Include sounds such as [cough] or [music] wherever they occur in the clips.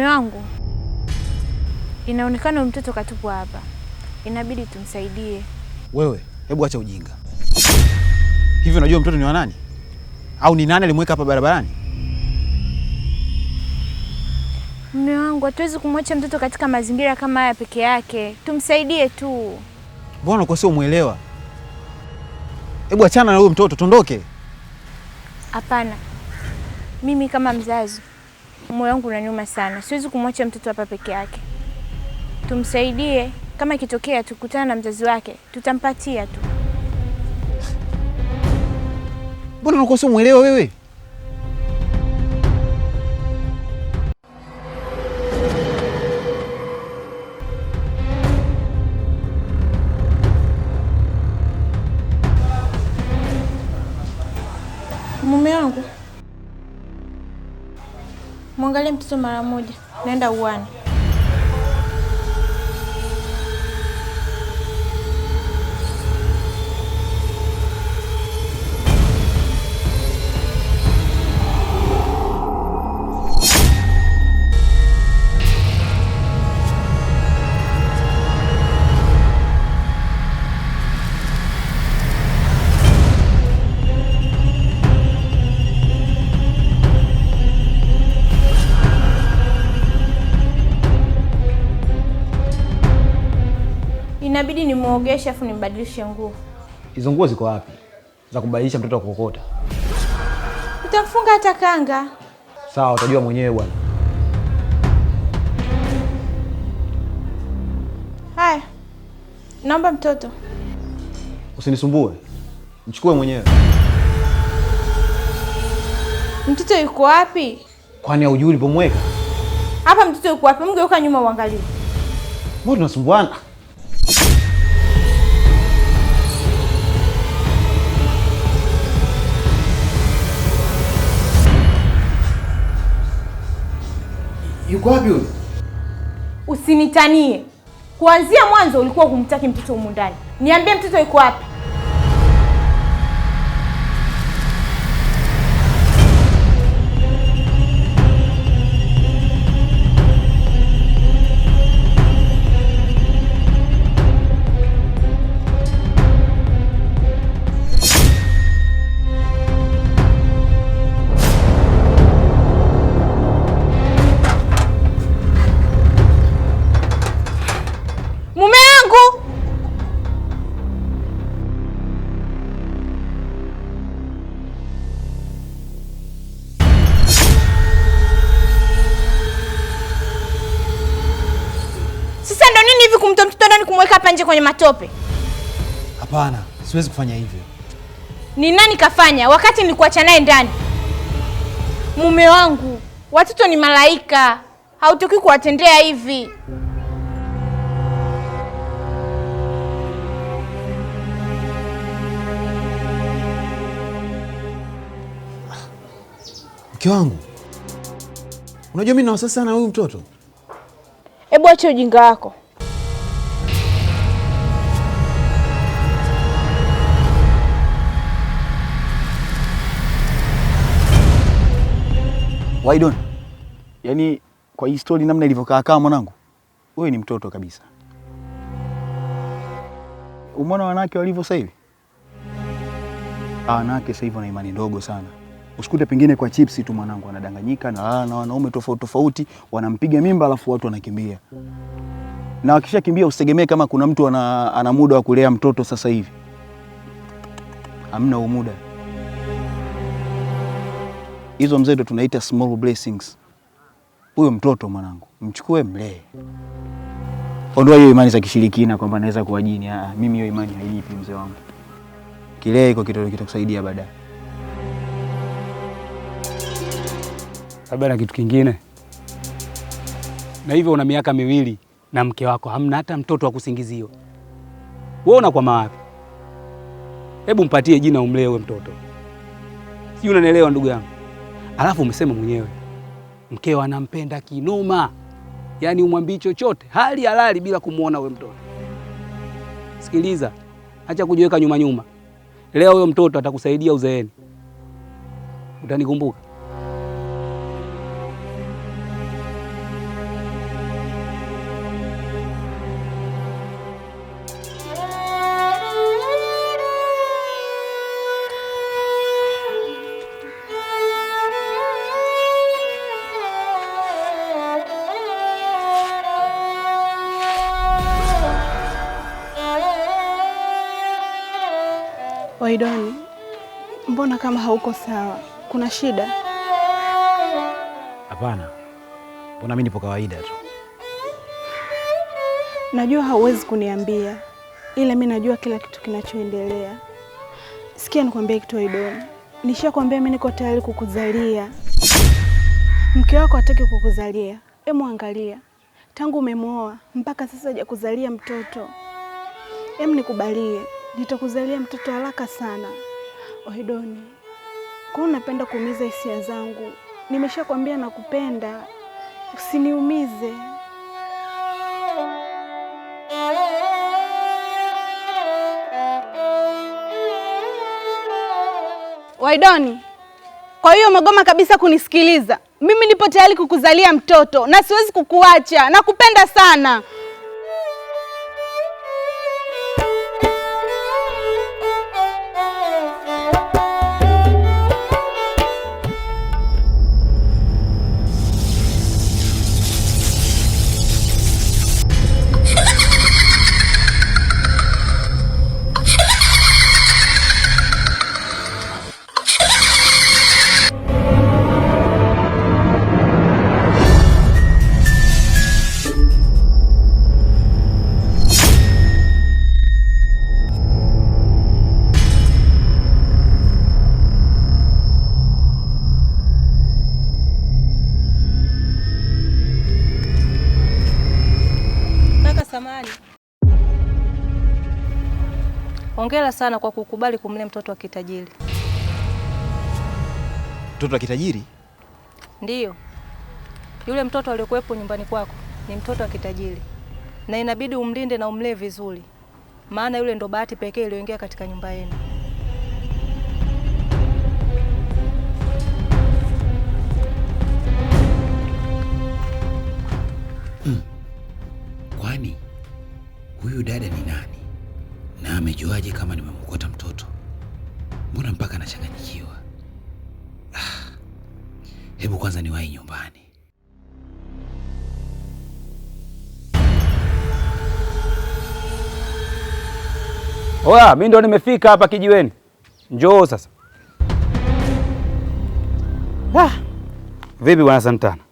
Mume wangu, inaonekana mtoto katupwa hapa, inabidi tumsaidie. Wewe hebu acha ujinga. Hivi unajua mtoto ni wa nani au ni nani alimweka hapa barabarani? Mume wangu, hatuwezi kumwacha mtoto katika mazingira kama haya peke yake, tumsaidie tu. Mbona kwa sio mwelewa? Hebu achana na huyo mtoto, tondoke. Hapana, mimi kama mzazi moyo wangu unaniuma sana, siwezi kumwacha mtoto hapa peke yake. Tumsaidie, kama ikitokea tukutana na mzazi wake tutampatia tu. Mbona unakosa mwelewa wewe? Simwangalie mtoto mara moja, naenda uani. inabidi nimuogeshe afu nimbadilishe nguo. Hizo nguo ziko wapi za kubadilisha mtoto wa kokota? Utamfunga hata kanga. Sawa, utajua mwenyewe bwana. Haya, naomba mtoto usinisumbue, mchukue mwenyewe. Mtoto yuko wapi? Kwani haujui ulipomweka hapa? Mtoto yuko wapi? Mgeuka nyuma uangalie. Mbona tunasumbuana? Yuko wapi huyo? Usinitanie. Kuanzia mwanzo ulikuwa humtaki mtoto humu ndani. Niambie mtoto yuko wapi? kwenye matope. Hapana, siwezi kufanya hivyo. Ni nani kafanya wakati nilikuacha naye ndani? Mume wangu, watoto ni malaika, hautoki kuwatendea hivi. Mke wangu, unajua mimi na wasiwasi sana huyu mtoto. Hebu acha ujinga wako. don't? yaani kwa hii story namna ilivyokaa kama mwanangu wewe ni mtoto kabisa. Umeona wanawake walivyo sasa hivi? Ah, wanawake sasa hivi wana imani ndogo sana, usikute pengine kwa chipsi tu mwanangu anadanganyika na na wanaume tofauti tofauti, wanampiga mimba alafu watu wanakimbia, na wakishakimbia usitegemee kama kuna mtu ana, ana muda wa kulea mtoto sasa hivi, hamna muda hizo mzee ndo tunaita small blessings. Huyo mtoto mwanangu, mchukue mlee, ondoa hiyo imani za kishirikina kwamba naweza kuwa jini. Ah, mimi hiyo imani haiipi mzee wangu, kilee iko kitu kitakusaidia baadaye. Labda na kitu kingine, na hivyo una miaka miwili na mke wako hamna hata mtoto wa kusingiziwa, wewe unakwama wapi? Hebu mpatie jina umlee huyo mtoto, si unanielewa ndugu yangu. Alafu umesema mwenyewe mkeo anampenda kinoma, yaani umwambii chochote hali halali bila kumwona we mtoto. Sikiliza, acha kujiweka nyuma nyuma. Leo huyo mtoto atakusaidia uzeeni, utanikumbuka. Waidoni, mbona kama hauko sawa? Kuna shida? Hapana, mbona mimi nipo kawaida tu. Najua hauwezi kuniambia, ila mi najua kila kitu kinachoendelea. Sikia nikwambie kitu Waidoni, nishakwambia mi niko tayari kukuzalia. Mke wako hataki kukuzalia. Hebu angalia tangu umemwoa mpaka sasa hajakuzalia mtoto. Em, nikubalie nitakuzalia mtoto haraka sana Ohidoni, Kwa unapenda kuumiza hisia zangu, nimeshakwambia nakupenda, usiniumize. Waidoni, kwa hiyo umegoma kabisa kunisikiliza mimi? Nipo tayari kukuzalia mtoto na siwezi kukuacha, nakupenda sana. Hongera sana kwa kukubali kumlea mtoto wa kitajiri. Mtoto wa kitajiri? Ndiyo, yule mtoto aliyokuwepo nyumbani kwako ni mtoto wa kitajiri, na inabidi umlinde na umlee vizuri, maana yule ndo bahati pekee iliyoingia katika nyumba yenu. Hmm. Kwani huyu dada ni nani? Na amejuaje kama nimemkuta mtoto? Mbona mpaka anachanganyikiwa? Ah, hebu kwanza niwahi nyumbani. Oya, mi ndo nimefika hapa kijiweni. Njoo sasa. Ah, vipi bwana Santana?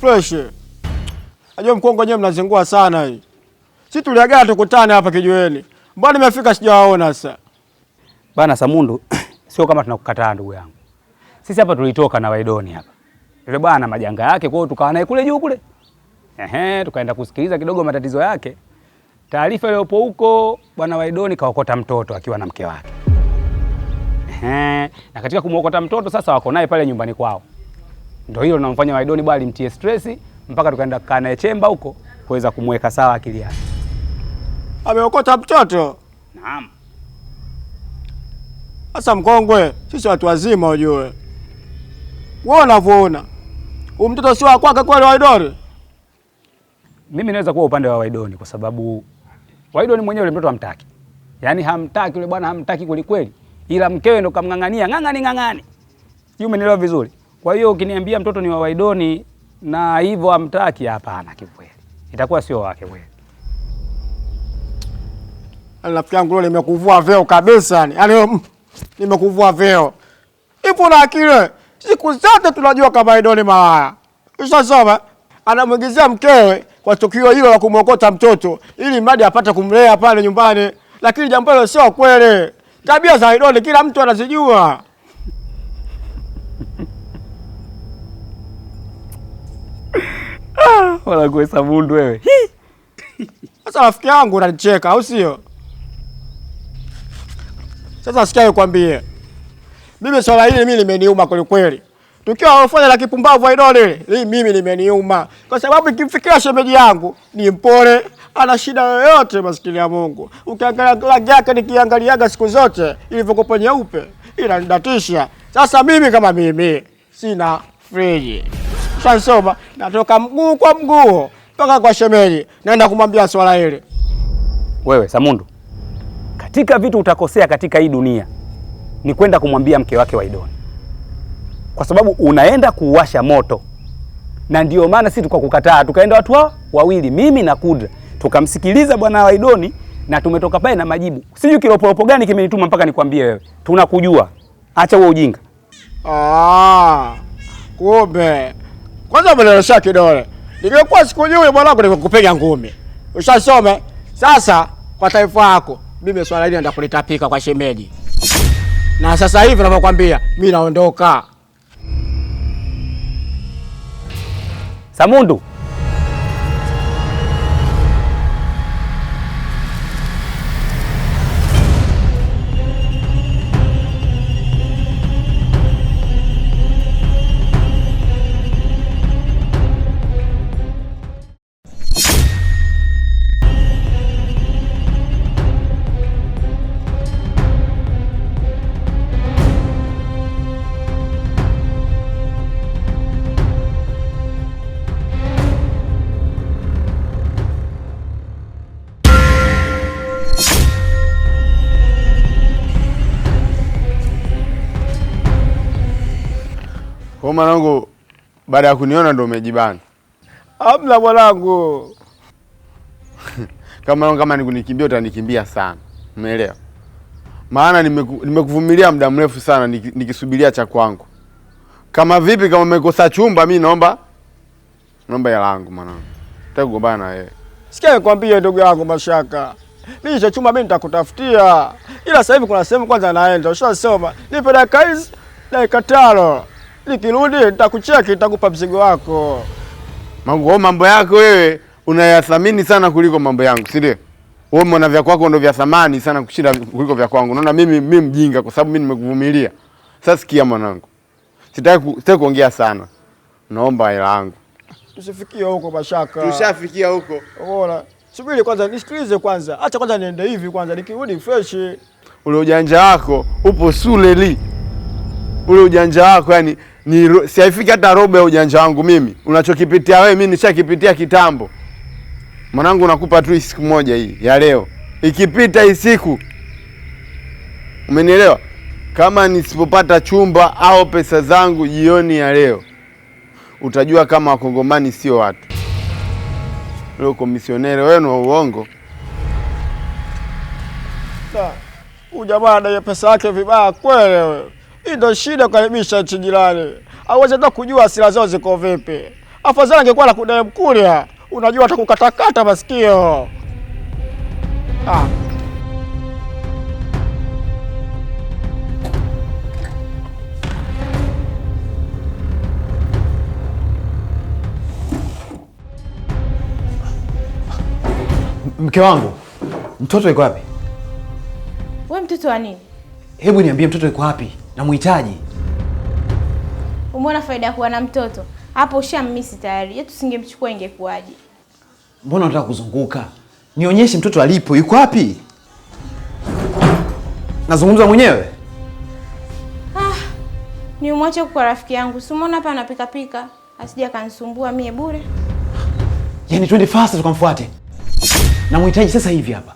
Fresh. Ajua mkongo wenyewe mnazingua sana hii si tuliagana tukutane hapa kijiweni, mbona nimefika sijawaona? Sasa bana Samundu, [coughs] sio kama tunakukataa ndugu yangu, sisi hapa tulitoka na Waidoni hapa yule bwana majanga yake, kwao, tukawa naye kule juu kule, ehe, tukaenda kusikiliza kidogo matatizo yake. Taarifa iliyopo huko, bwana Waidoni kaokota mtoto akiwa na mke wake, ehe, na katika kumuokota mtoto sasa wako naye pale nyumbani kwao. Ndio hilo linamfanya Waidoni bali mtie stress mpaka tukaenda kukaa naye chemba huko kuweza kumweka sawa akili yake ameokota mtoto. Naam. Sasa mkongwe, sisi watu wazima ujue, wewe unavyoona umtoto mtoto sio wa kwake kweli, Waidoni? Mimi naweza kuwa upande wa Waidoni kwa sababu Waidoni mwenyewe ule mtoto hamtaki, yaani hamtaki ule bwana, hamtaki kwelikweli, ila mkewe ndo kamng'ang'ania ng'ang'ani ng'ang'ani, sijui umenielewa vizuri. Kwa hiyo ukiniambia mtoto ni wa Waidoni na hivyo hamtaki, hapana, kiukweli itakuwa sio wake kweli. Rafiki yaani yangu leo nimekuvua veo kabisa yani. Yaani mm, nimekuvua veo. Ipo na akili. Siku zote tunajua kama Ido ni malaya. Ushasoma? Anamwingizia mkewe kwa tukio hilo la kumwokota mtoto ili mradi apate kumlea pale nyumbani, lakini jambo hilo sio kweli. Tabia za Ido kila mtu anazijua. Ah, wala kuhesabu wewe. Sasa rafiki yangu unanicheka au sio? Sasa sikia nikwambie. Mimi swala hili mimi limeniuma kweli kweli. Tukiwa wafanya la kipumbavu hilo hili, mimi limeniuma. Kwa sababu ikimfikia shemeji yangu ni mpole, ana shida yoyote maskini ya Mungu. Ukiangalia rangi yake nikiangaliaga siku zote ilivyokuwa nyeupe, inanidatisha. Sasa mimi kama mimi sina friji. Shansoma natoka mguu kwa mguu mpaka kwa shemeji, naenda kumwambia swala hili. Wewe Samundu katika vitu utakosea katika hii dunia ni kwenda kumwambia mke wake Waidoni, kwa sababu unaenda kuuwasha moto. Na ndio maana sisi tukakukataa, tukaenda watu hao wawili, mimi na Kudra, tukamsikiliza bwana Waidoni na tumetoka pale na majibu. Sijui kiroporopo gani kimenituma mpaka nikwambie wewe, tunakujua. Acha huo ujinga. Ah, kumbe kwanza umenyosha kidole. Ningekuwa sikujui mwanangu, ningekupiga ngumi. Ushasome sasa kwa taifa yako mimi swala hili naenda kulitapika kwa shemeji, na sasa hivi navyokwambia mi naondoka Samundu. mwanangu, baada ya kuniona ndo umejibana? Hamna mwanangu. [laughs] Kama kama nikunikimbia utanikimbia sana, umeelewa? Maana nimekuvumilia nime muda mrefu sana nikisubiria cha kwangu. Kama vipi kama umekosa chumba, mi naomba naomba hela yangu mwanangu, nataka kugombana na wewe. Sikia nikwambie ndugu yangu Mashaka, mimi cha chumba mimi nitakutafutia, ila sasa hivi kuna sehemu kwanza naenda, ushasoma, nipe dakika hizi dakika tano nikirudi nitakucheki, nitakupa mzigo wako. Mambo wao, mambo yako wewe unayathamini sana kuliko mambo yangu, si ndio? Wewe umeona vya kwako ndio vya thamani sana kushinda kuliko vya kwangu. Naona mimi mimi mjinga kwa sababu mimi nimekuvumilia. Sasa sikia mwanangu. Sitaki sitaki kuongea sana. Naomba hela yangu. Tusifikie huko Bashaka. Tushafikia huko. Ona, Subiri kwanza nisikilize kwanza. Acha kwanza niende hivi kwanza nikirudi fresh. Ule ujanja wako upo suleli. Ule ujanja wako yani ni siaifiki hata robo ya ujanja wangu mimi. Unachokipitia wewe mimi nishakipitia kitambo. Mwanangu, nakupa tu siku moja hii ya leo, ikipita hii siku, umenielewa? Kama nisipopata chumba au pesa zangu jioni ya leo, utajua kama wakongomani sio watu. Leo komisionere wenu wa uongo huyu jamaa anaye pesa yake vibaya kweli. Ndo shida kukaribisha nchi jirani, awezi hata kujua asira zao ziko vipi. Afadhali angekuwa na kudai mkuria, unajua atakukatakata masikio ah. Mke wangu, mtoto yuko wapi? We mtoto wa nini? Hebu niambie, mtoto yuko wapi? Namhitaji. Umeona faida ya kuwa na mtoto hapo, ushammisi tayari. yetu singemchukua ingekuwaje? Mbona unataka kuzunguka? Nionyeshe mtoto alipo, yuko wapi? Nazungumza mwenyewe. Ah, ni umwache kwa rafiki yangu, si umeona hapa anapikapika, asija akanisumbua mie bure. Yaani twende fast tukamfuate, namhitaji sasa hivi hapa.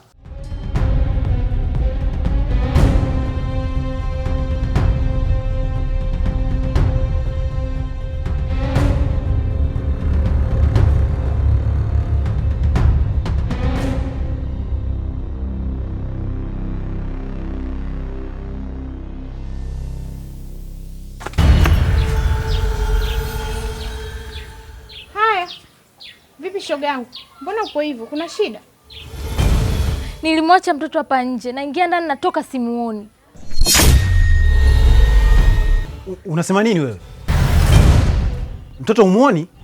shoga yangu, mbona uko hivyo? Kuna shida? Nilimwacha mtoto hapa nje, naingia ndani, natoka simuoni. Unasema nini wewe? Mtoto umuoni?